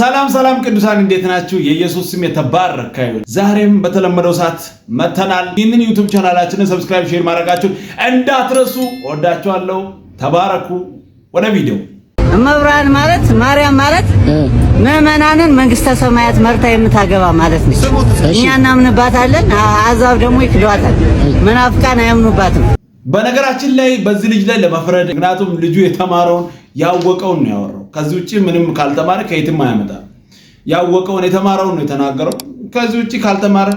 ሰላም ሰላም ቅዱሳን እንዴት ናችሁ? የኢየሱስ ስም የተባረከ ይሁን። ዛሬም በተለመደው ሰዓት መተናል። ይህንን ዩቱብ ቻናላችንን ሰብስክራይብ፣ ሼር ማድረጋችሁን እንዳትረሱ። ወዳችኋለሁ። ተባረኩ። ወደ ቪዲዮ እመብርሃን ማለት ማርያም ማለት ምዕመናንን መንግስተ ሰማያት መርታ የምታገባ ማለት ነው። እኛ እናምንባታለን፣ አሕዛብ ደግሞ ይክዷታል፣ መናፍቃን አያምኑባትም። በነገራችን ላይ በዚህ ልጅ ላይ ለመፍረድ ምክንያቱም ልጁ የተማረውን ያወቀውን ነው ያወራው። ከዚህ ውጭ ምንም ካልተማረ ከየትም አያመጣም። ያወቀውን የተማረውን ነው የተናገረው። ከዚህ ውጭ ካልተማረ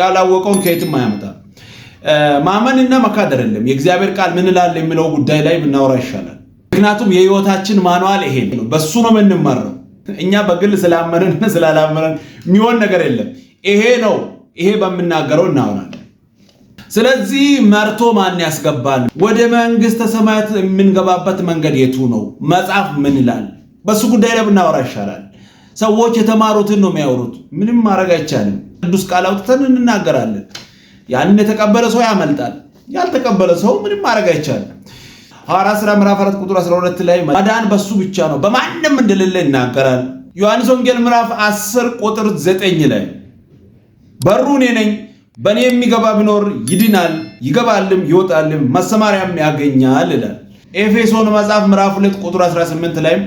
ያላወቀውን ከየትም አያመጣም። ማመን እና መካድ አይደለም። የእግዚአብሔር ቃል ምን እላል የሚለው ጉዳይ ላይ ብናወራ ይሻላል። ምክንያቱም የህይወታችን ማንዋል ይሄ ነው። በሱ ነው የምንመራው። እኛ በግል ስላመንን ስላላመንን የሚሆን ነገር የለም። ይሄ ነው። ይሄ በምናገረው እናወራለን። ስለዚህ መርቶ ማን ያስገባል? ወደ መንግስተ ሰማያት የምንገባበት መንገድ የቱ ነው? መጽሐፍ ምን ይላል? በሱ ጉዳይ ላይ ብናወራ ይሻላል። ሰዎች የተማሩትን ነው የሚያወሩት። ምንም ማድረግ አይቻልም። ቅዱስ ቃል አውጥተን እንናገራለን። ያንን የተቀበለ ሰው ያመልጣል፣ ያልተቀበለ ሰው ምንም ማድረግ አይቻልም። ሐዋርያት ሥራ ምዕራፍ 4 ቁጥር 12 ላይ ማዳን በሱ ብቻ ነው በማንም እንደሌለ ይናገራል። ዮሐንስ ወንጌል ምዕራፍ 10 ቁጥር 9 ላይ በሩ እኔ ነኝ በእኔ የሚገባ ቢኖር ይድናል፣ ይገባልም ይወጣልም ማሰማሪያም ያገኛል ይላል። ኤፌሶን መጽሐፍ ምዕራፍ 2 ቁጥር 18 ላይም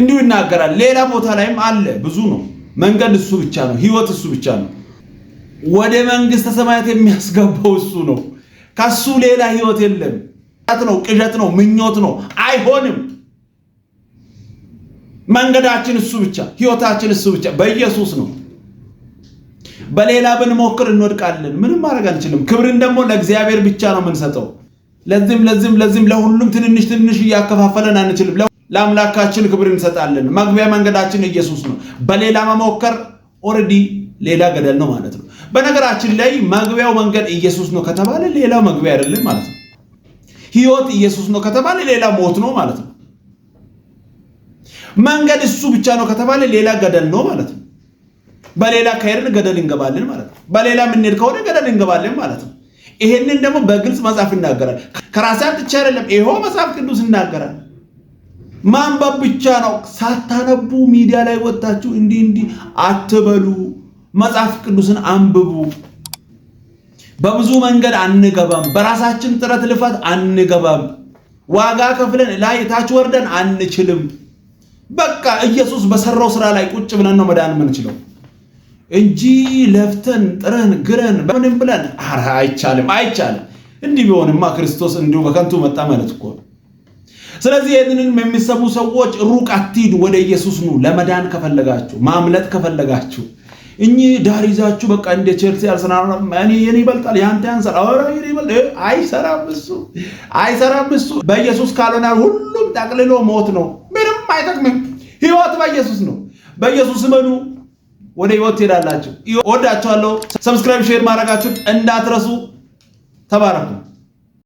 እንዲሁ ይናገራል። ሌላ ቦታ ላይም አለ። ብዙ ነው። መንገድ እሱ ብቻ ነው። ህይወት እሱ ብቻ ነው። ወደ መንግስተ ሰማያት የሚያስገባው እሱ ነው። ከሱ ሌላ ህይወት የለም። ነው ቅዠት ነው ምኞት ነው። አይሆንም። መንገዳችን እሱ ብቻ፣ ህይወታችን እሱ ብቻ በኢየሱስ ነው። በሌላ ብንሞክር እንወድቃለን። ምንም ማድረግ አንችልም። ክብርን ደግሞ ለእግዚአብሔር ብቻ ነው የምንሰጠው። ለዚህም ለዚህም ለዚህም ለሁሉም ትንንሽ ትንንሽ እያከፋፈለን አንችልም። ለአምላካችን ክብር እንሰጣለን። መግቢያ መንገዳችን ኢየሱስ ነው። በሌላ መሞከር ኦልሬዲ ሌላ ገደል ነው ማለት ነው። በነገራችን ላይ መግቢያው መንገድ ኢየሱስ ነው ከተባለ ሌላ መግቢያ አይደለም ማለት ነው። ህይወት ኢየሱስ ነው ከተባለ ሌላ ሞት ነው ማለት ነው። መንገድ እሱ ብቻ ነው ከተባለ ሌላ ገደል ነው ማለት ነው። በሌላ ከሄድን ገደል እንገባለን ማለት ነው። በሌላ የምንሄድ ከሆነ ገደል እንገባለን ማለት ነው። ይሄንን ደግሞ በግልጽ መጽሐፍ ይናገራል። ከራሴ አምጥቼ አይደለም፣ ይሄው መጽሐፍ ቅዱስ ይናገራል። ማንበብ ብቻ ነው። ሳታነቡ ሚዲያ ላይ ወጣችሁ እንዲህ እንዲህ አትበሉ። መጽሐፍ ቅዱስን አንብቡ። በብዙ መንገድ አንገባም። በራሳችን ጥረት ልፋት አንገባም። ዋጋ ከፍለን ላይ ታች ወርደን አንችልም። በቃ ኢየሱስ በሰራው ስራ ላይ ቁጭ ብለን ነው መዳን የምንችለው። እንጂ ለፍተን ጥረን ግረን በምንም ብለን ኧረ አይቻልም አይቻልም። እንዲህ ቢሆንማ ክርስቶስ እንዲሁ በከንቱ መጣ ማለት እኮ ነው። ስለዚህ ይህንንም የሚሰሙ ሰዎች ሩቅ አትሂዱ፣ ወደ ኢየሱስ ኑ። ለመዳን ከፈለጋችሁ፣ ማምለጥ ከፈለጋችሁ እኚህ ዳር ይዛችሁ በቃ እንደ ቼልሲ አርሰናል የኔ ይበልጣል ያንተ ያንሰራ አይሰራም እሱ አይሰራም እሱ በኢየሱስ ካልሆናል ሁሉም ጠቅልሎ ሞት ነው። ምንም አይጠቅምም። ህይወት በኢየሱስ ነው። በኢየሱስ መኑ ወደ ህይወት ትሄዳላችሁ። እወዳችኋለሁ። ሰብስክራይብ፣ ሼር ማድረጋችሁን እንዳትረሱ። ተባረኩ።